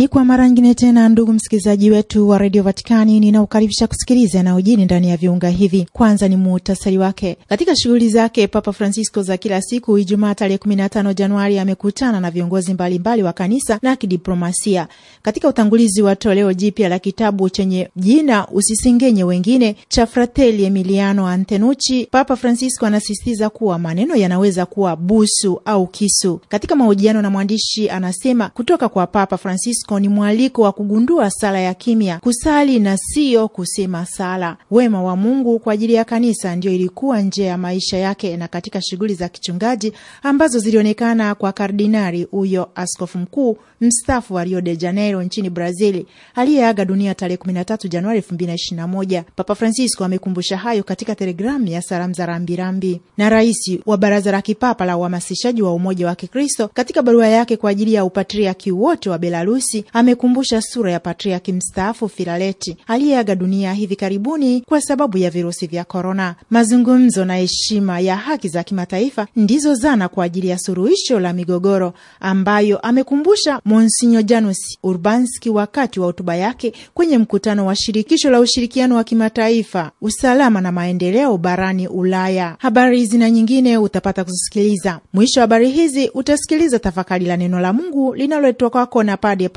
Ni kwa mara nyingine tena, ndugu msikilizaji wetu wa redio Vatikani, ninaokaribisha kusikiliza ujini ndani ya viunga hivi. Kwanza ni muhtasari wake. Katika shughuli zake Papa Francisco za kila siku, Ijumaa tarehe 15 Januari amekutana na viongozi mbalimbali wa kanisa na kidiplomasia. Katika utangulizi wa toleo jipya la kitabu chenye jina Usisengenye Wengine cha frateli Emiliano antenuchi Papa Francisco anasistiza kuwa maneno yanaweza kuwa busu au kisu. Katika mahojiano na mwandishi anasema kutoka kwa Papa Francisco Pasco ni mwaliko wa kugundua sala ya kimya, kusali na siyo kusema sala. Wema wa Mungu kwa ajili ya kanisa ndiyo ilikuwa nje ya maisha yake na katika shughuli za kichungaji ambazo zilionekana kwa kardinari huyo, askofu mkuu mstaafu wa Rio de Janeiro nchini Brazili aliyeaga dunia tarehe 13 Januari 2021. Papa Francisco amekumbusha hayo katika telegramu ya salamu za rambirambi na rais wa Baraza la Kipapa la Uhamasishaji wa Umoja wa Kikristo katika barua yake kwa ajili ya upatriaki wote wa Belarusi amekumbusha sura ya patriaki mstaafu Filareti aliyeaga dunia hivi karibuni kwa sababu ya virusi vya korona. Mazungumzo na heshima ya haki za kimataifa ndizo zana kwa ajili ya suluhisho la migogoro ambayo amekumbusha Monsinyo Janus Urbanski wakati wa hotuba yake kwenye mkutano wa shirikisho la ushirikiano wa kimataifa, usalama na maendeleo barani Ulaya. Habari hizi na nyingine utapata kuzisikiliza. Mwisho wa habari hizi utasikiliza tafakari la neno la Mungu linaloletwa kwako na Padre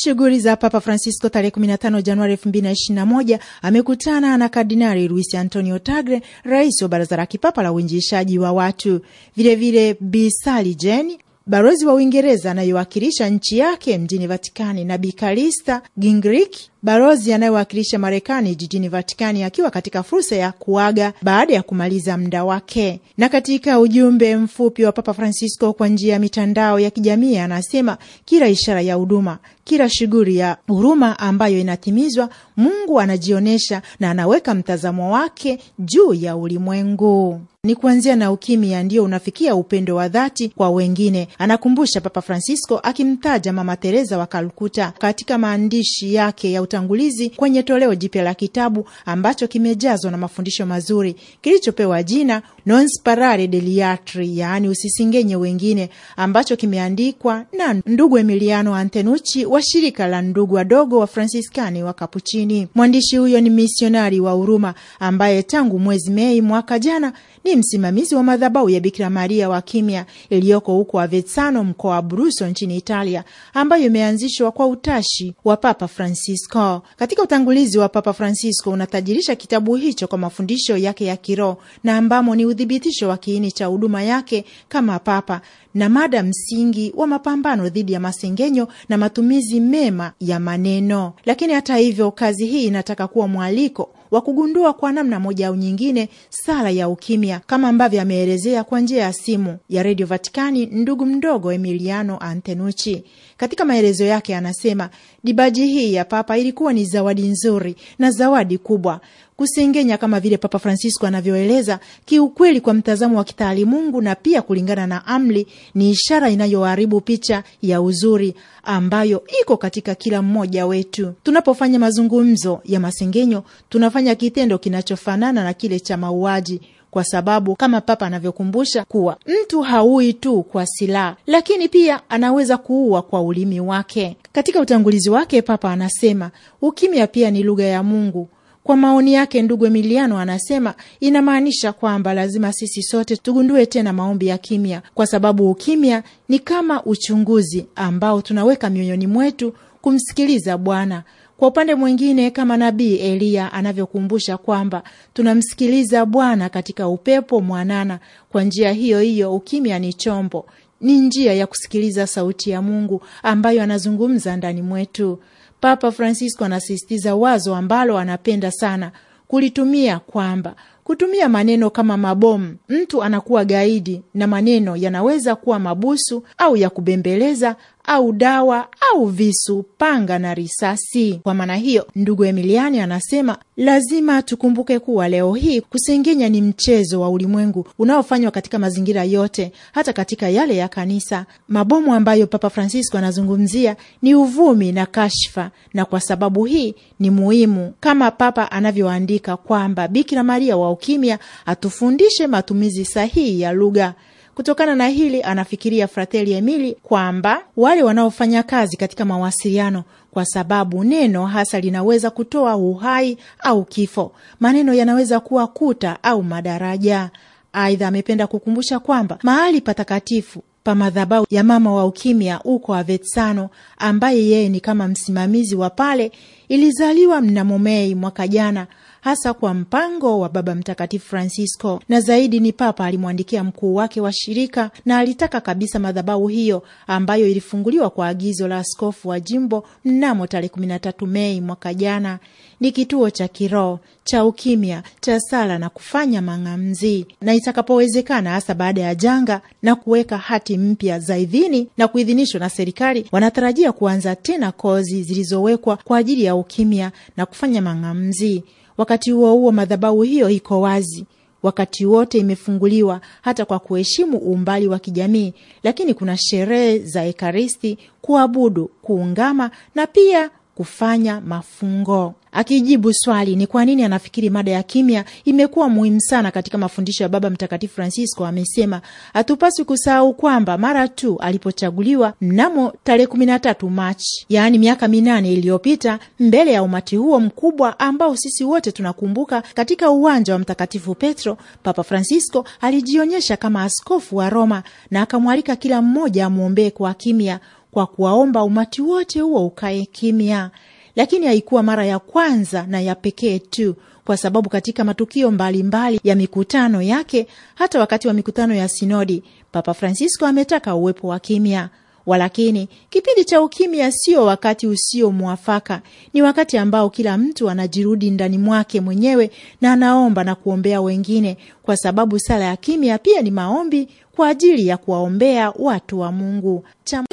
shughuli za Papa Francisco tarehe 15 Januari 2021 amekutana na Kardinali Luis Antonio Tagre, rais wa Baraza la Kipapa la Uinjiishaji wa Watu. Vilevile bisali Jeni, balozi wa Uingereza anayewakilisha nchi yake mjini Vatikani na Bikalista Gingrich, balozi anayewakilisha Marekani jijini Vatikani, akiwa katika fursa ya kuaga baada ya kumaliza muda wake. Na katika ujumbe mfupi wa Papa Francisco kwa njia ya mitandao ya kijamii, anasema kila ishara ya huduma, kila shughuli ya huruma ambayo inatimizwa, Mungu anajionyesha na anaweka mtazamo wake juu ya ulimwengu. Ni kuanzia na ukimya ndiyo unafikia upendo wa dhati kwa wengine, anakumbusha Papa Francisco akimtaja Mama Teresa wa Kalkuta katika maandishi yake ya utangulizi kwenye toleo jipya la kitabu ambacho kimejazwa na mafundisho mazuri kilichopewa jina non sparare degli altri, yaani usisingenye wengine, ambacho kimeandikwa na ndugu Emiliano Antenucci wa shirika la ndugu wadogo wa Fransiskani wa Kapuchini. Mwandishi huyo ni misionari wa huruma ambaye tangu mwezi Mei mwaka jana ni msimamizi wa madhabahu ya Bikira Maria wa Kimya iliyoko huko Avezzano, mkoa wa Bruso nchini Italia, ambayo imeanzishwa kwa utashi wa Papa Francisco. Katika utangulizi wa Papa Francisco unatajirisha kitabu hicho kwa mafundisho yake ya kiroho na ambamo ni uthibitisho wa kiini cha huduma yake kama papa na mada msingi wa mapambano dhidi ya masengenyo na matumizi mema ya maneno. Lakini hata hivyo, kazi hii inataka kuwa mwaliko wa kugundua kwa namna moja au nyingine sala ya ukimya, kama ambavyo ameelezea kwa njia ya simu ya redio Vatikani ndugu mdogo Emiliano Antenucci. Katika maelezo yake anasema, dibaji hii ya papa ilikuwa ni zawadi nzuri na zawadi kubwa kusengenya kama vile Papa Francisco anavyoeleza, kiukweli kwa mtazamo wa kitaalimungu na pia kulingana na amri, ni ishara inayoharibu picha ya uzuri ambayo iko katika kila mmoja wetu. Tunapofanya mazungumzo ya masengenyo, tunafanya kitendo kinachofanana na kile cha mauaji kwa sababu kama Papa anavyokumbusha kuwa mtu haui tu kwa silaha, lakini pia anaweza kuua kwa ulimi wake. Katika utangulizi wake, Papa anasema ukimya pia ni lugha ya Mungu kwa maoni yake ndugu Emiliano anasema inamaanisha kwamba lazima sisi sote tugundue tena maombi ya kimya, kwa sababu ukimya ni kama uchunguzi ambao tunaweka mioyoni mwetu kumsikiliza Bwana. Kwa upande mwingine, kama nabii Eliya anavyokumbusha kwamba tunamsikiliza Bwana katika upepo mwanana, kwa njia hiyo hiyo ukimya ni chombo, ni njia ya kusikiliza sauti ya Mungu ambayo anazungumza ndani mwetu. Papa Francisco anasisitiza wazo ambalo anapenda sana kulitumia kwamba kutumia maneno kama mabomu, mtu anakuwa gaidi na maneno yanaweza kuwa mabusu au ya kubembeleza au dawa au visu, panga na risasi. Kwa maana hiyo, ndugu Emiliani anasema lazima tukumbuke kuwa leo hii kusengenya ni mchezo wa ulimwengu unaofanywa katika mazingira yote, hata katika yale ya kanisa. Mabomu ambayo Papa Francisco anazungumzia ni uvumi na kashfa, na kwa sababu hii ni muhimu kama Papa anavyoandika kwamba Bikira Maria wa Ukimya atufundishe matumizi sahihi ya lugha. Kutokana na hili, anafikiria Frateli Emili kwamba wale wanaofanya kazi katika mawasiliano kwa sababu neno hasa linaweza kutoa uhai au kifo. Maneno yanaweza kuwa kuta au madaraja. Aidha, amependa kukumbusha kwamba mahali patakatifu pa madhabahu ya mama wa ukimya uko Avetsano, ambaye yeye ni kama msimamizi wa pale, ilizaliwa mnamo Mei mwaka jana hasa kwa mpango wa Baba Mtakatifu Francisco, na zaidi ni Papa alimwandikia mkuu wake wa shirika na alitaka kabisa madhabahu hiyo ambayo ilifunguliwa kwa agizo la askofu wa jimbo mnamo tarehe 13 Mei mwaka jana ni kituo cha kiroho cha ukimya cha sala na kufanya mang'amzi, na itakapowezekana, hasa baada ya janga, na kuweka hati mpya za idhini na kuidhinishwa na serikali, wanatarajia kuanza tena kozi zilizowekwa kwa ajili ya ukimya na kufanya mang'amzi. Wakati huo huo, madhabahu hiyo iko wazi wakati wote, imefunguliwa hata kwa kuheshimu umbali wa kijamii, lakini kuna sherehe za Ekaristi, kuabudu, kuungama na pia kufanya mafungo akijibu swali ni kwa nini anafikiri mada ya kimya imekuwa muhimu sana katika mafundisho ya Baba Mtakatifu Francisco, amesema hatupaswi kusahau kwamba mara tu alipochaguliwa mnamo tarehe 13 Machi, yaani miaka minane iliyopita, mbele ya umati huo mkubwa ambao sisi wote tunakumbuka, katika uwanja wa Mtakatifu Petro, Papa Francisco alijionyesha kama askofu wa Roma na akamwalika kila mmoja amwombee kwa kimya, kwa kuwaomba umati wote huo ukae kimya lakini haikuwa mara ya kwanza na ya pekee tu, kwa sababu katika matukio mbalimbali mbali ya mikutano yake, hata wakati wa mikutano ya sinodi, Papa Francisco ametaka uwepo wa kimya. Walakini kipindi cha ukimya sio wakati usio mwafaka, ni wakati ambao kila mtu anajirudi ndani mwake mwenyewe na anaomba na kuombea wengine, kwa sababu sala ya kimya pia ni maombi kwa ajili ya kuwaombea watu wa Mungu Cham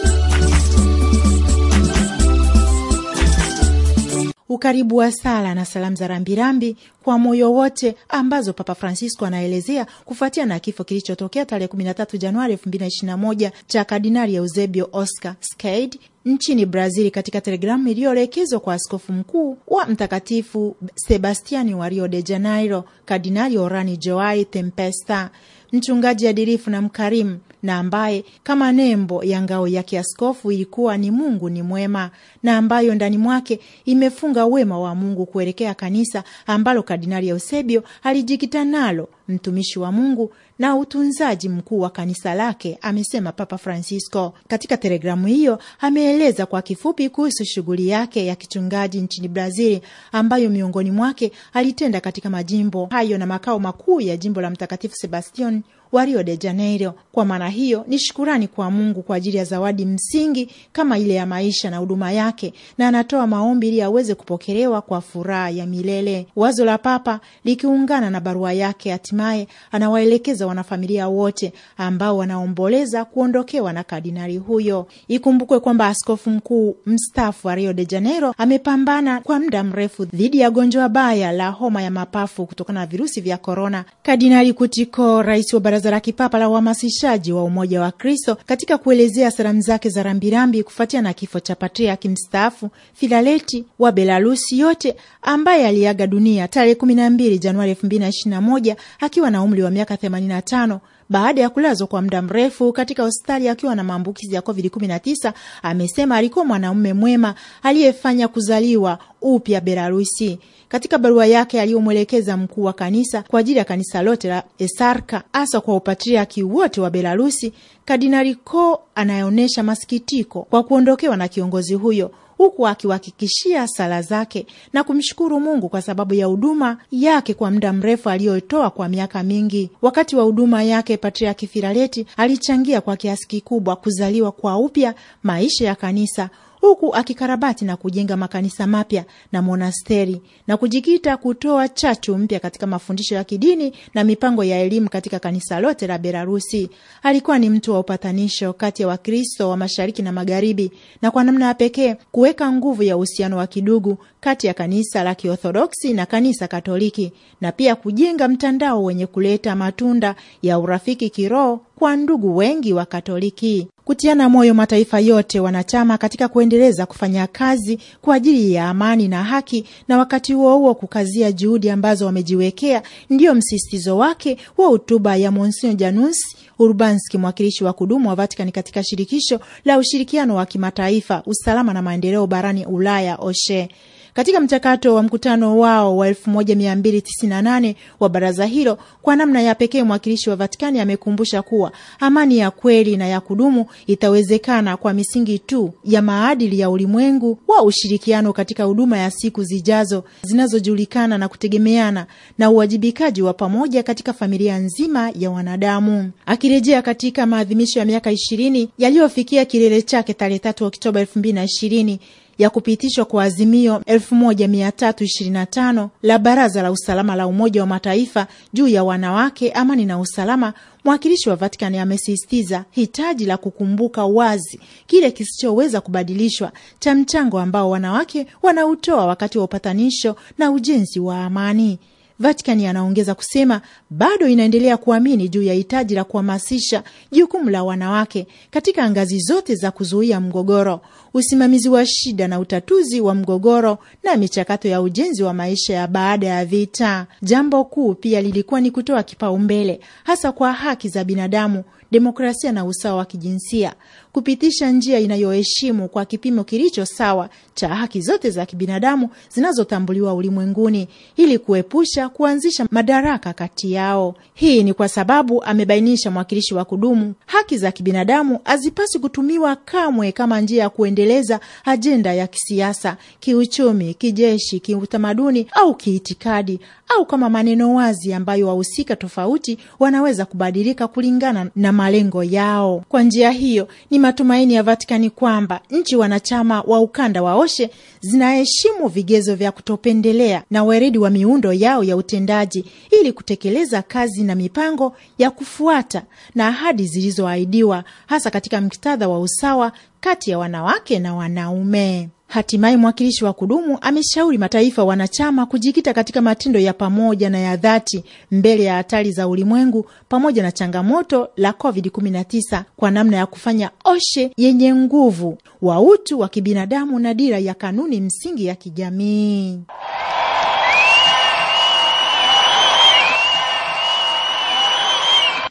ukaribu wa sala na salamu za rambirambi kwa moyo wote ambazo Papa Francisco anaelezea kufuatia na kifo kilichotokea tarehe 13 Januari 2021 cha Kardinali Eusebio Oscar Scade nchini Brazil. Katika telegramu iliyoelekezwa kwa askofu mkuu wa Mtakatifu Sebastiani wa Rio de Janeiro, Kardinali Orani Joai Tempesta, mchungaji adilifu na mkarimu na ambaye kama nembo ya ngao ya kiaskofu ilikuwa ni Mungu ni mwema, na ambayo ndani mwake imefunga wema wa Mungu kuelekea kanisa ambalo Kardinali Eusebio alijikita nalo, mtumishi wa Mungu na utunzaji mkuu wa kanisa lake, amesema Papa Francisco. Katika telegramu hiyo ameeleza kwa kifupi kuhusu shughuli yake ya kichungaji nchini Brazili, ambayo miongoni mwake alitenda katika majimbo hayo na makao makuu ya jimbo la Mtakatifu Sebastian wa Rio de Janeiro. Kwa maana hiyo ni shukurani kwa Mungu kwa ajili ya zawadi msingi kama ile ya maisha na huduma yake, na anatoa maombi ili aweze kupokelewa kwa furaha ya milele. Wazo la Papa likiungana na barua yake, hatimaye anawaelekeza wanafamilia wote ambao wanaomboleza kuondokewa na kardinali huyo. Ikumbukwe kwamba askofu mkuu mstaafu wa Rio de Janeiro amepambana kwa muda mrefu dhidi ya gonjwa baya la homa ya mapafu kutokana na virusi vya korona. Kardinali Kutiko, rais wa Baraza la Kipapa la Uhamasishaji wa Umoja wa Kristo katika kuelezea salamu zake za rambirambi kufuatia na kifo cha patriaki mstaafu Filaleti wa Belarusi yote ambaye aliaga dunia tarehe 12 Januari 2021 akiwa na umri wa miaka 85 baada ya kulazwa kwa muda mrefu katika hospitali akiwa na maambukizi ya COVID-19. Amesema alikuwa mwanaume mwema aliyefanya kuzaliwa upya Belarusi. Katika barua yake aliyomwelekeza mkuu wa kanisa kwa ajili ya kanisa lote la Esarka, hasa kwa upatriaki wote wa Belarusi, Kardinali Ko anayeonyesha masikitiko kwa kuondokewa na kiongozi huyo huku akiwahakikishia sala zake na kumshukuru Mungu kwa sababu ya huduma yake kwa muda mrefu aliyotoa kwa miaka mingi. Wakati wa huduma yake, Patriaki Filareti alichangia kwa kiasi kikubwa kuzaliwa kwa upya maisha ya kanisa huku akikarabati na kujenga makanisa mapya na monasteri na kujikita kutoa chachu mpya katika mafundisho ya kidini na mipango ya elimu katika kanisa lote la Belarusi. Alikuwa ni mtu wa upatanisho kati ya Wakristo wa mashariki na magharibi, na kwa namna ya pekee kuweka nguvu ya uhusiano wa kidugu kati ya kanisa la Kiorthodoksi na kanisa Katoliki na pia kujenga mtandao wenye kuleta matunda ya urafiki kiroho kwa ndugu wengi wa Katoliki, kutiana moyo mataifa yote wanachama katika kuendeleza kufanya kazi kwa ajili ya amani na haki, na wakati huo huo kukazia juhudi ambazo wamejiwekea. Ndiyo msisitizo wake wa hotuba ya Monsignor Janus Urbanski, mwakilishi wa kudumu wa Vatikani katika shirikisho la ushirikiano wa kimataifa, usalama na maendeleo barani Ulaya, OSHE katika mchakato wa mkutano wao wa 1298 wa baraza hilo. Kwa namna ya pekee, mwakilishi wa Vatikani amekumbusha kuwa amani ya kweli na ya kudumu itawezekana kwa misingi tu ya maadili ya ulimwengu wa ushirikiano katika huduma ya siku zijazo zinazojulikana na kutegemeana na uwajibikaji wa pamoja katika familia nzima ya wanadamu. Akirejea katika maadhimisho ya miaka ishirini yaliyofikia kilele chake tarehe 3 Oktoba elfu mbili na ishirini ya kupitishwa kwa azimio 1325 la Baraza la Usalama la Umoja wa Mataifa juu ya wanawake, amani na usalama, mwakilishi wa Vatican amesisitiza hitaji la kukumbuka wazi kile kisichoweza kubadilishwa cha mchango ambao wanawake wanautoa wakati wa upatanisho na ujenzi wa amani. Vatikani anaongeza kusema bado inaendelea kuamini juu ya hitaji la kuhamasisha jukumu la wanawake katika ngazi zote za kuzuia mgogoro, usimamizi wa shida na utatuzi wa mgogoro na michakato ya ujenzi wa maisha ya baada ya vita. Jambo kuu pia lilikuwa ni kutoa kipaumbele hasa kwa haki za binadamu, demokrasia na usawa wa kijinsia, kupitisha njia inayoheshimu kwa kipimo kilicho sawa cha haki zote za kibinadamu zinazotambuliwa ulimwenguni ili kuepusha kuanzisha madaraka kati yao. Hii ni kwa sababu, amebainisha mwakilishi wa kudumu, haki za kibinadamu hazipaswi kutumiwa kamwe kama njia ya kuendelea kuendeleza ajenda ya kisiasa, kiuchumi, kijeshi, kiutamaduni au kiitikadi, au kama maneno wazi ambayo wahusika tofauti wanaweza kubadilika kulingana na malengo yao. Kwa njia hiyo, ni matumaini ya Vatikani kwamba nchi wanachama wa ukanda wa OSHE zinaheshimu vigezo vya kutopendelea na weredi wa miundo yao ya utendaji ili kutekeleza kazi na mipango ya kufuata na ahadi zilizoahidiwa hasa katika muktadha wa usawa kati ya wanawake na wanaume. Hatimaye mwakilishi wa kudumu ameshauri mataifa wanachama kujikita katika matendo ya pamoja na ya dhati mbele ya hatari za ulimwengu pamoja na changamoto la COVID-19 kwa namna ya kufanya oshe yenye nguvu wa utu wa kibinadamu na dira ya kanuni msingi ya kijamii.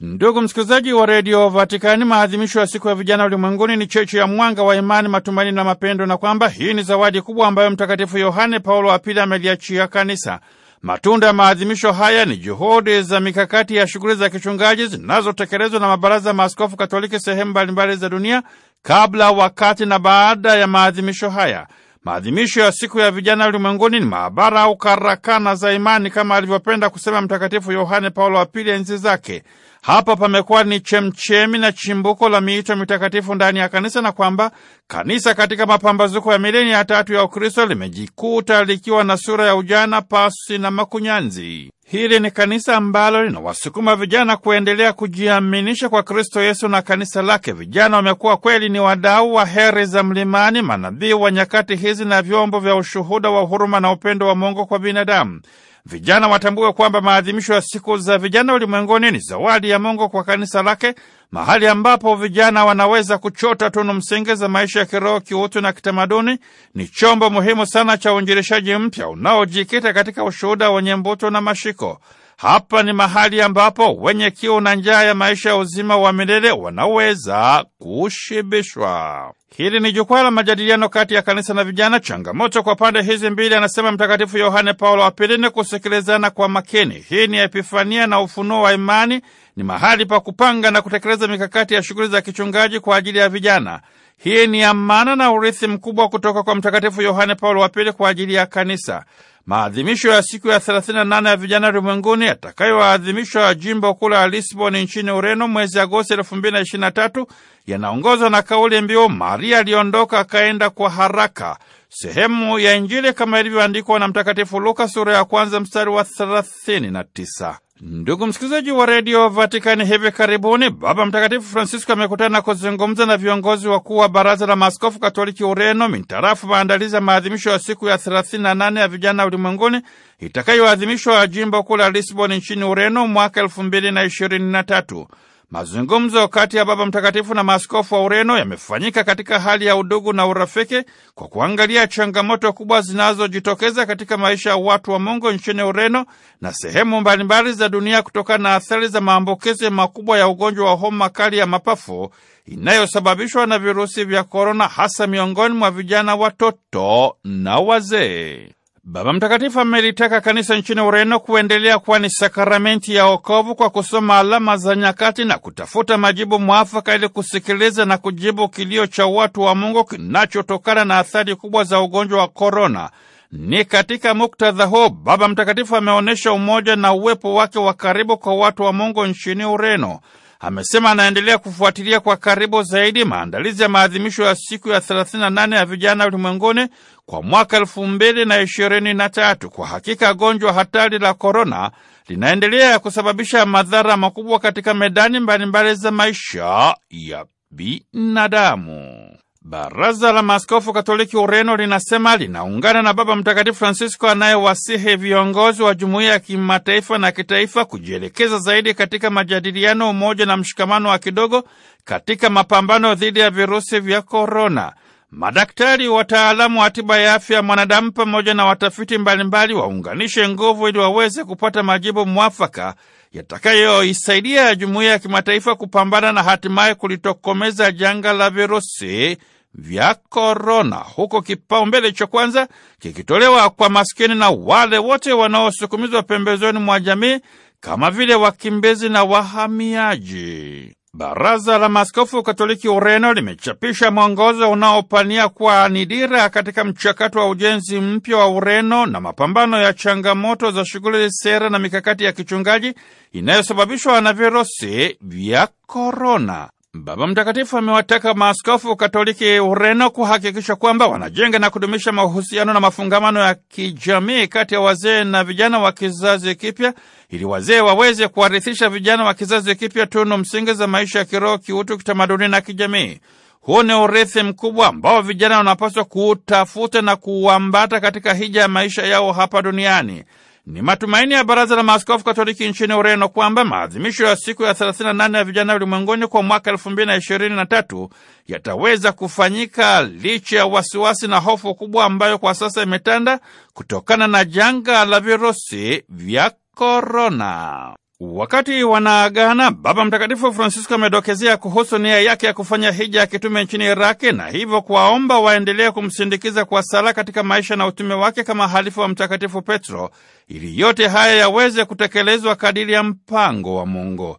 Ndugu msikilizaji wa redio Vatikani, maadhimisho ya siku ya vijana ulimwenguni ni cheche ya mwanga wa imani, matumaini na mapendo, na kwamba hii ni zawadi kubwa ambayo Mtakatifu Yohane Paulo wa Pili ameliachia kanisa. Matunda ya maadhimisho haya ni juhudi za mikakati ya shughuli za kichungaji zinazotekelezwa na mabaraza ya maaskofu Katoliki sehemu mbalimbali za dunia, kabla, wakati na baada ya maadhimisho haya. Maadhimisho ya siku ya vijana ulimwenguni ni maabara au karakana za imani, kama alivyopenda kusema Mtakatifu Yohane Paulo wa Pili enzi zake. Hapa pamekuwa ni chemchemi na chimbuko la miito mitakatifu ndani ya kanisa na kwamba kanisa katika mapambazuko ya milenia ya tatu ya Ukristo limejikuta likiwa na sura ya ujana pasi na makunyanzi. Hili ni kanisa ambalo linawasukuma vijana kuendelea kujiaminisha kwa Kristo Yesu na kanisa lake. Vijana wamekuwa kweli ni wadau wa heri za mlimani, manabii wa nyakati hizi na vyombo vya ushuhuda wa huruma na upendo wa Mungu kwa binadamu. Vijana watambue kwamba maadhimisho ya siku za vijana ulimwenguni ni zawadi ya Mungu kwa kanisa lake, mahali ambapo vijana wanaweza kuchota tunu msingi za maisha ya kiroho, kiutu na kitamaduni. Ni chombo muhimu sana cha uinjilishaji mpya unaojikita katika ushuhuda wenye mbuto na mashiko. Hapa ni mahali ambapo wenye kiu na njaa ya maisha ya uzima wa milele wanaweza kushibishwa. Hili ni jukwaa la majadiliano kati ya kanisa na vijana. Changamoto kwa pande hizi mbili, anasema Mtakatifu Yohane Paulo wa Pili, ni kusikilizana kwa makini. Hii ni epifania na ufunuo wa imani, ni mahali pa kupanga na kutekeleza mikakati ya shughuli za kichungaji kwa ajili ya vijana. Hii ni amana na urithi mkubwa kutoka kwa Mtakatifu Yohane Paulo wa Pili kwa ajili ya kanisa maadhimisho ya siku ya 38 ya vijana ulimwenguni yatakayoadhimishwa jimbo kuu la Lisbon nchini Ureno mwezi Agosti 2023 yanaongozwa na kauli mbiu Maria aliondoka akaenda kwa haraka. Sehemu ya Injili kama ilivyoandikwa na Mtakatifu Luka sura ya kwanza mstari wa 39. Ndugu msikilizaji wa redio Vatikani, hivi karibuni Baba Mtakatifu Francisco amekutana na kuzungumza na viongozi wakuu wa Baraza la Maaskofu Katoliki Ureno mintarafu maandalizi ya maadhimisho ya siku ya 38 ya vijana ulimwenguni itakayoadhimishwa jimbo kuu la Lisbon nchini Ureno mwaka 2023. Mazungumzo kati ya Baba Mtakatifu na maaskofu wa Ureno yamefanyika katika hali ya udugu na urafiki kwa kuangalia changamoto kubwa zinazojitokeza katika maisha ya watu wa Mungu nchini Ureno na sehemu mbalimbali za dunia kutokana na athari za maambukizi makubwa ya ugonjwa wa homa kali ya mapafu inayosababishwa na virusi vya korona, hasa miongoni mwa vijana, watoto na wazee. Baba Mtakatifu amelitaka kanisa nchini Ureno kuendelea kuwa ni sakramenti ya wokovu kwa kusoma alama za nyakati na kutafuta majibu mwafaka ili kusikiliza na kujibu kilio cha watu wa Mungu kinachotokana na athari kubwa za ugonjwa wa korona. Ni katika muktadha huo Baba Mtakatifu ameonyesha umoja na uwepo wake wa karibu kwa watu wa Mungu nchini Ureno amesema anaendelea kufuatilia kwa karibu zaidi maandalizi ya maadhimisho ya siku ya 38 ya vijana ulimwenguni kwa mwaka 2023. Kwa hakika gonjwa hatari la korona linaendelea kusababisha madhara makubwa katika medani mbalimbali za maisha ya binadamu. Baraza la Maaskofu Katoliki Ureno linasema linaungana na Baba Mtakatifu Francisco anayewasihi viongozi wa jumuiya ya kimataifa na kitaifa kujielekeza zaidi katika majadiliano, umoja na mshikamano wa kidogo katika mapambano dhidi ya virusi vya korona. Madaktari, wataalamu wa tiba ya afya ya mwanadamu pamoja na watafiti mbalimbali waunganishe nguvu ili waweze kupata majibu mwafaka yatakayoisaidia jumuiya ya kimataifa kupambana na hatimaye kulitokomeza janga la virusi vya korona, huko kipaumbele cha kwanza kikitolewa kwa maskini na wale wote wanaosukumizwa pembezoni mwa jamii kama vile wakimbizi na wahamiaji. Baraza la maskofu Katoliki Ureno limechapisha mwongozo unaopania kuwa ni dira katika mchakato wa ujenzi mpya wa Ureno na mapambano ya changamoto za shughuli, sera na mikakati ya kichungaji inayosababishwa na virusi vya korona. Baba Mtakatifu amewataka maaskofu Katoliki Ureno kuhakikisha kwamba wanajenga na kudumisha mahusiano na mafungamano ya kijamii kati ya wazee na vijana wa kizazi kipya ili wazee waweze kuwarithisha vijana wa kizazi kipya tunu msingi za maisha ya kiroho, kiutu, kitamaduni na kijamii. Huu ni urithi mkubwa ambao vijana wanapaswa kuutafuta na kuuambata katika hija ya maisha yao hapa duniani. Ni matumaini ya Baraza la Maaskofu Katoliki nchini Ureno kwamba maadhimisho ya siku ya 38 ya vijana ulimwenguni kwa mwaka 2023 yataweza kufanyika licha ya wasiwasi na hofu kubwa ambayo kwa sasa imetanda kutokana na janga la virusi vya korona. Wakati wanaagana, Baba Mtakatifu Francisco amedokezea kuhusu nia yake ya kufanya hija ya kitume nchini Iraki na hivyo kuwaomba waendelee kumsindikiza kwa sala katika maisha na utume wake kama halifu wa Mtakatifu Petro ili yote haya yaweze kutekelezwa kadiri ya mpango wa Mungu.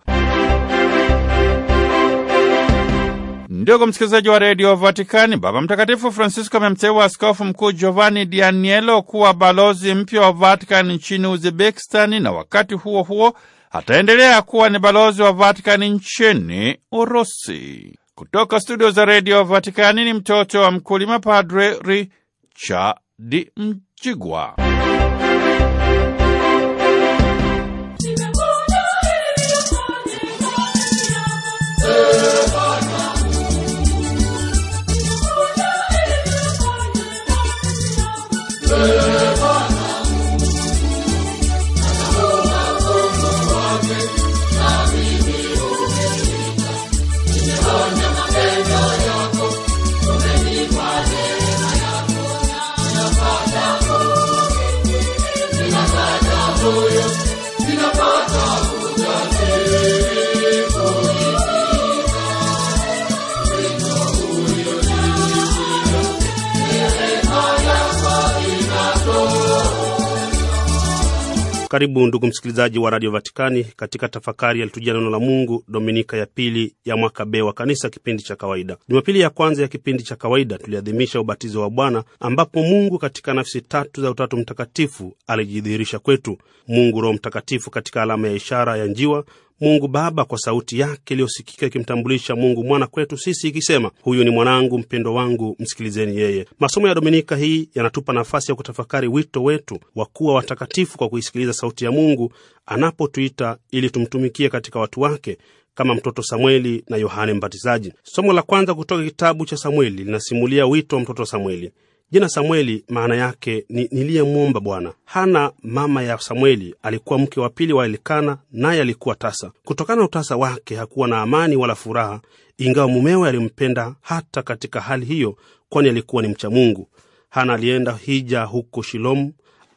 Ndugu msikilizaji wa redio Vatikani, Baba Mtakatifu Francisco amemteua askofu mkuu Giovanni Dianiello kuwa balozi mpya wa Vatikani nchini Uzbekistani, na wakati huo huo ataendelea kuwa ni balozi wa Vatikani nchini Urusi. Kutoka studio za redio Vatikani ni mtoto wa mkulima, Padre Richard Mjigwa. Karibu ndugu msikilizaji wa Radio Vatikani katika tafakari yalitujia neno la Mungu, dominika ya pili ya mwaka B wa Kanisa, kipindi cha kawaida. Jumapili ya kwanza ya kipindi cha kawaida tuliadhimisha ubatizo wa Bwana, ambapo Mungu katika nafsi tatu za Utatu Mtakatifu alijidhihirisha kwetu: Mungu Roho Mtakatifu katika alama ya ishara ya njiwa Mungu Baba kwa sauti yake iliyosikika ikimtambulisha Mungu Mwana kwetu sisi ikisema, huyu ni mwanangu mpendo wangu, msikilizeni yeye. Masomo ya Dominika hii yanatupa nafasi ya kutafakari wito wetu wa kuwa watakatifu kwa kuisikiliza sauti ya Mungu anapotuita ili tumtumikie katika watu wake kama mtoto Samueli na Yohane Mbatizaji. Somo la kwanza kutoka kitabu cha Samueli linasimulia wito wa mtoto Samueli. Jina Samueli maana yake ni niliyemwomba Bwana. Hana mama ya Samueli alikuwa mke wa pili wa Elikana, naye alikuwa tasa. Kutokana na utasa wake hakuwa na amani wala furaha, ingawa mumewe alimpenda hata katika hali hiyo, kwani alikuwa ni mcha Mungu. Hana alienda hija huko Shilomu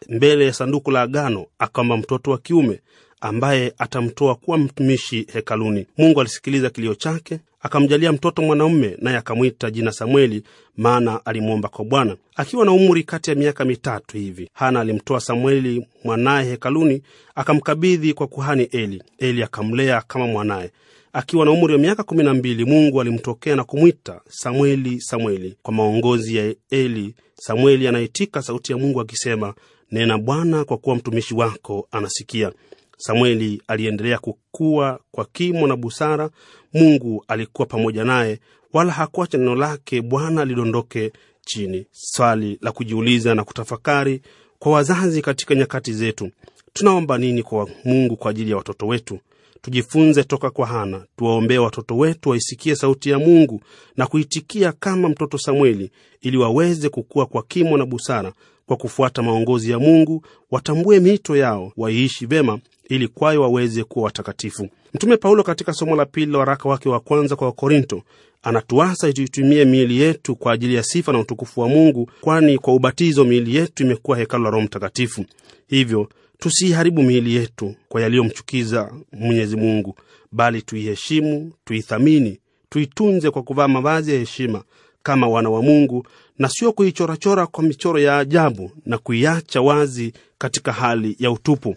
mbele ya sanduku la agano, akaomba mtoto wa kiume ambaye atamtoa kuwa mtumishi hekaluni. Mungu alisikiliza kilio chake, akamjalia mtoto mwanaume, naye akamwita jina Samueli, maana alimwomba kwa Bwana. Akiwa na umri kati ya miaka mitatu hivi, Hana alimtoa Samueli mwanaye hekaluni, akamkabidhi kwa kuhani Eli. Eli akamlea kama mwanaye. Akiwa na umri wa miaka kumi na mbili Mungu alimtokea na kumwita Samueli, Samueli. Kwa maongozi ya Eli, Samueli anaitika sauti ya Mungu akisema, nena Bwana, kwa kuwa mtumishi wako anasikia. Samueli aliendelea kukua kwa kimo na busara. Mungu alikuwa pamoja naye, wala hakuacha neno lake Bwana lidondoke chini. Swali la kujiuliza na kutafakari kwa wazazi katika nyakati zetu, tunaomba nini kwa Mungu kwa ajili ya watoto wetu? Tujifunze toka kwa Hana, tuwaombee watoto wetu waisikie sauti ya Mungu na kuitikia kama mtoto Samueli, ili waweze kukua kwa kimo na busara kwa kufuata maongozi ya Mungu, watambue mito yao, waiishi vema ili kwayo waweze kuwa watakatifu. Mtume Paulo katika somo la pili la waraka wake wa kwanza kwa Wakorinto anatuasa tuitumie miili yetu kwa ajili ya sifa na utukufu wa Mungu, kwani kwa ubatizo miili yetu imekuwa hekalu la Roho Mtakatifu. Hivyo tusiiharibu miili yetu kwa yaliyomchukiza Mwenyezi Mungu, bali tuiheshimu, tuithamini, tuitunze kwa kuvaa mavazi ya heshima kama wana wa Mungu na sio kuichorachora kwa michoro ya ajabu na kuiacha wazi katika hali ya utupu.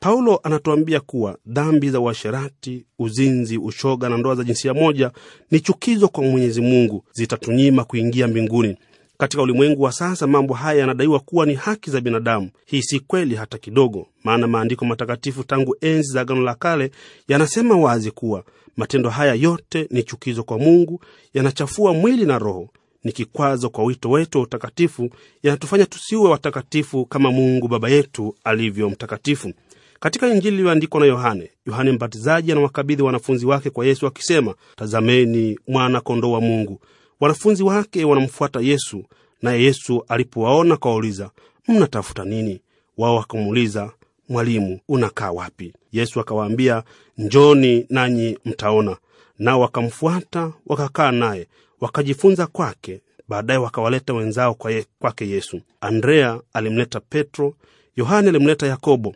Paulo anatuambia kuwa dhambi za uasherati, uzinzi, ushoga na ndoa za jinsia moja ni chukizo kwa Mwenyezi Mungu, zitatunyima kuingia mbinguni. Katika ulimwengu wa sasa mambo haya yanadaiwa kuwa ni haki za binadamu. Hii si kweli hata kidogo, maana maandiko matakatifu tangu enzi za Agano la Kale yanasema wazi kuwa matendo haya yote ni chukizo kwa Mungu, yanachafua mwili na roho, ni kikwazo kwa wito wetu wa utakatifu, yanatufanya tusiwe watakatifu kama Mungu Baba yetu alivyo mtakatifu. Katika Injili iliyoandikwa na Yohane, Yohane Mbatizaji anawakabidhi wanafunzi wake kwa Yesu akisema, tazameni mwana kondo wa Mungu. Wanafunzi wake wanamfuata Yesu, naye Yesu alipowaona kawauliza, mnatafuta nini? Wao wakamuuliza, Mwalimu, unakaa wapi? Yesu akawaambia, njoni nanyi mtaona. Nao wakamfuata wakakaa naye, wakajifunza kwake. Baadaye wakawaleta wenzao kwake ye, Yesu. Andrea alimleta Petro, Yohane alimleta Yakobo,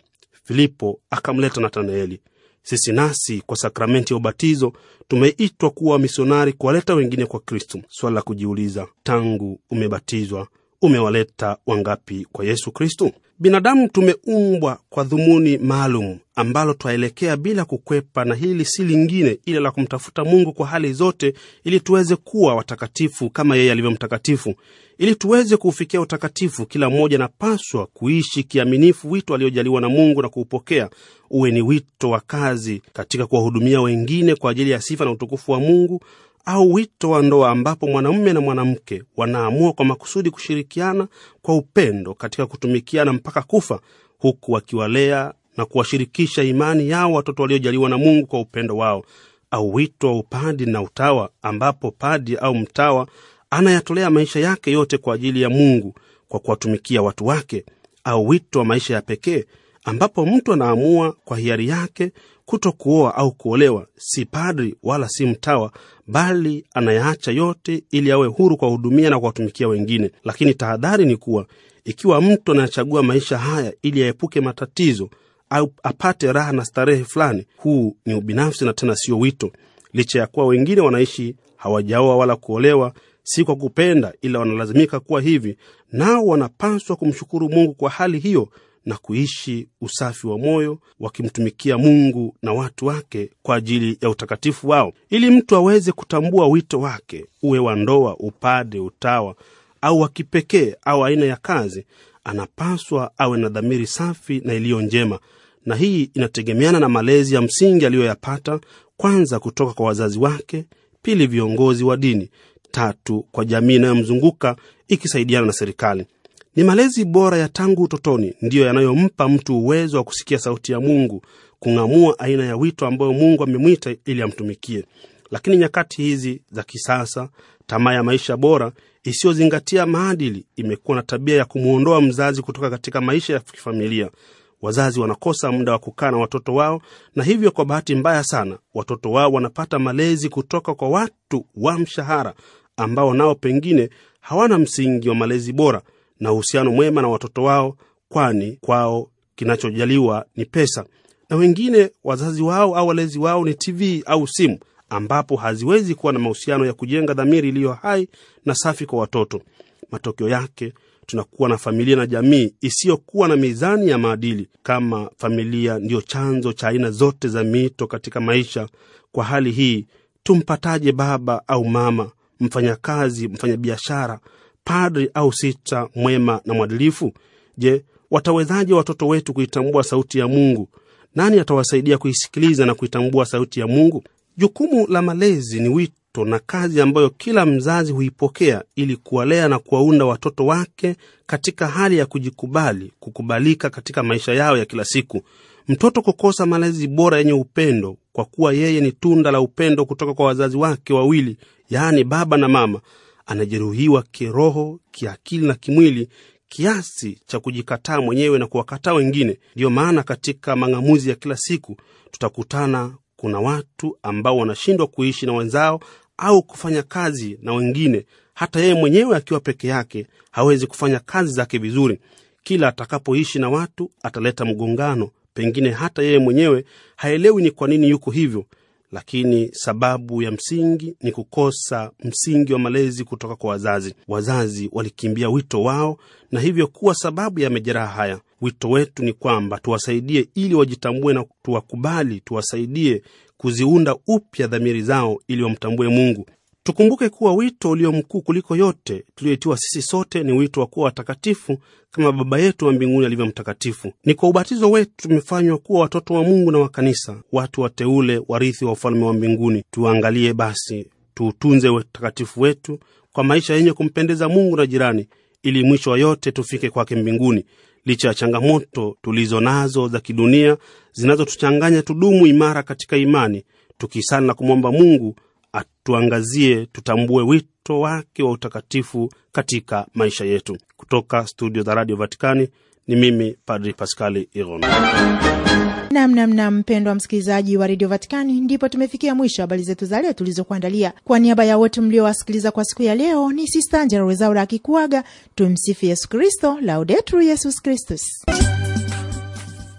Filipo akamleta Natanaeli. Sisi nasi kwa sakramenti ya ubatizo tumeitwa kuwa misionari, kuwaleta wengine kwa Kristu. Swala la kujiuliza, tangu umebatizwa umewaleta wangapi kwa Yesu Kristu? Binadamu tumeumbwa kwa dhumuni maalum ambalo twaelekea bila kukwepa, na hili si lingine ila la kumtafuta Mungu kwa hali zote, ili tuweze kuwa watakatifu kama yeye alivyo mtakatifu. Ili tuweze kuufikia utakatifu, kila mmoja anapaswa kuishi kiaminifu wito aliojaliwa na Mungu na kuupokea. Uwe ni wito wa kazi katika kuwahudumia wengine kwa ajili ya sifa na utukufu wa Mungu, au wito wa ndoa ambapo mwanamume na mwanamke wanaamua kwa makusudi kushirikiana kwa upendo katika kutumikiana mpaka kufa, huku wakiwalea na kuwashirikisha imani yao watoto waliojaliwa na Mungu kwa upendo wao, au wito wa upadi na utawa ambapo padi au mtawa anayatolea maisha yake yote kwa ajili ya Mungu kwa kuwatumikia watu wake, au wito wa maisha ya pekee ambapo mtu anaamua kwa hiari yake kuto kuoa au kuolewa, si padri wala si mtawa, bali anayaacha yote ili awe huru kwa hudumia na kuwatumikia wengine. Lakini tahadhari ni kuwa ikiwa mtu anachagua maisha haya ili aepuke matatizo au apate raha na starehe fulani, huu ni ubinafsi na tena sio wito, licha ya kuwa wengine wanaishi hawajaoa wala kuolewa si kwa kupenda, ila wanalazimika kuwa hivi, nao wanapaswa kumshukuru Mungu kwa hali hiyo na kuishi usafi wa moyo wakimtumikia Mungu na watu wake kwa ajili ya utakatifu wao, ili mtu aweze kutambua wito wake, uwe wa ndoa, upade, utawa au wa kipekee au aina ya kazi, anapaswa awe na dhamiri safi na iliyo njema, na hii inategemeana na malezi ya msingi aliyoyapata, kwanza kutoka kwa wazazi wake, pili viongozi wa dini, tatu kwa jamii inayomzunguka ikisaidiana na serikali. Ni malezi bora ya tangu utotoni ndiyo yanayompa mtu uwezo wa kusikia sauti ya Mungu, kung'amua aina ya wito ambayo Mungu amemwita ili amtumikie. Lakini nyakati hizi za kisasa, tamaa ya maisha bora isiyozingatia maadili imekuwa na tabia ya kumwondoa mzazi kutoka katika maisha ya kifamilia. Wazazi wanakosa muda wa kukaa na watoto wao, na hivyo kwa bahati mbaya sana watoto wao wanapata malezi kutoka kwa watu wa mshahara ambao nao pengine hawana msingi wa malezi bora na uhusiano mwema na watoto wao, kwani kwao kinachojaliwa ni pesa, na wengine wazazi wao au walezi wao ni TV au simu, ambapo haziwezi kuwa na mahusiano ya kujenga dhamiri iliyo hai na safi kwa watoto. Matokeo yake tunakuwa na familia na jamii isiyokuwa na mizani ya maadili. Kama familia ndiyo chanzo cha aina zote za mito katika maisha, kwa hali hii tumpataje baba au mama, mfanyakazi, mfanyabiashara padri au sita mwema na mwadilifu? Je, watawezaje watoto wetu kuitambua sauti ya Mungu? Nani atawasaidia kuisikiliza na kuitambua sauti ya Mungu? Jukumu la malezi ni wito na kazi ambayo kila mzazi huipokea ili kuwalea na kuwaunda watoto wake katika hali ya kujikubali, kukubalika katika maisha yao ya kila siku. Mtoto kukosa malezi bora yenye upendo, kwa kuwa yeye ni tunda la upendo kutoka kwa wazazi wake wawili, yaani baba na mama, anajeruhiwa kiroho, kiakili na kimwili kiasi cha kujikataa mwenyewe na kuwakataa wengine. Ndiyo maana katika mang'amuzi ya kila siku tutakutana, kuna watu ambao wanashindwa kuishi na wenzao au kufanya kazi na wengine. Hata yeye mwenyewe akiwa peke yake hawezi kufanya kazi zake vizuri. Kila atakapoishi na watu ataleta mgongano, pengine hata yeye mwenyewe haelewi ni kwa nini yuko hivyo lakini sababu ya msingi ni kukosa msingi wa malezi kutoka kwa wazazi. Wazazi walikimbia wito wao na hivyo kuwa sababu ya majeraha haya. Wito wetu ni kwamba tuwasaidie ili wajitambue na tuwakubali, tuwasaidie kuziunda upya dhamiri zao ili wamtambue Mungu. Tukumbuke kuwa wito ulio mkuu kuliko yote tulioitiwa sisi sote ni wito wa kuwa watakatifu kama Baba yetu wa mbinguni alivyo mtakatifu. Ni kwa ubatizo wetu tumefanywa kuwa watoto wa Mungu na wa kanisa, watu wateule, warithi wa ufalme wa mbinguni. Tuangalie basi tuutunze utakatifu wetu kwa maisha yenye kumpendeza Mungu na jirani, ili mwisho wa yote tufike kwake mbinguni. Licha ya changamoto tulizo nazo za kidunia zinazotuchanganya, tudumu imara katika imani, tukisali na kumwomba Mungu atuangazie, tutambue wito wake wa utakatifu katika maisha yetu. Kutoka studio za Radio vaticani ni mimi Padri Paskali Iron. Namnamna mpendwa wa msikilizaji wa redio vaticani ndipo tumefikia mwisho habari zetu za leo tulizokuandalia. Kwa niaba ya wote mliowasikiliza kwa siku ya leo, ni Sista Njera Wezaura akikuaga. Tumsifu Yesu Kristo, laudetru Yesus Kristus.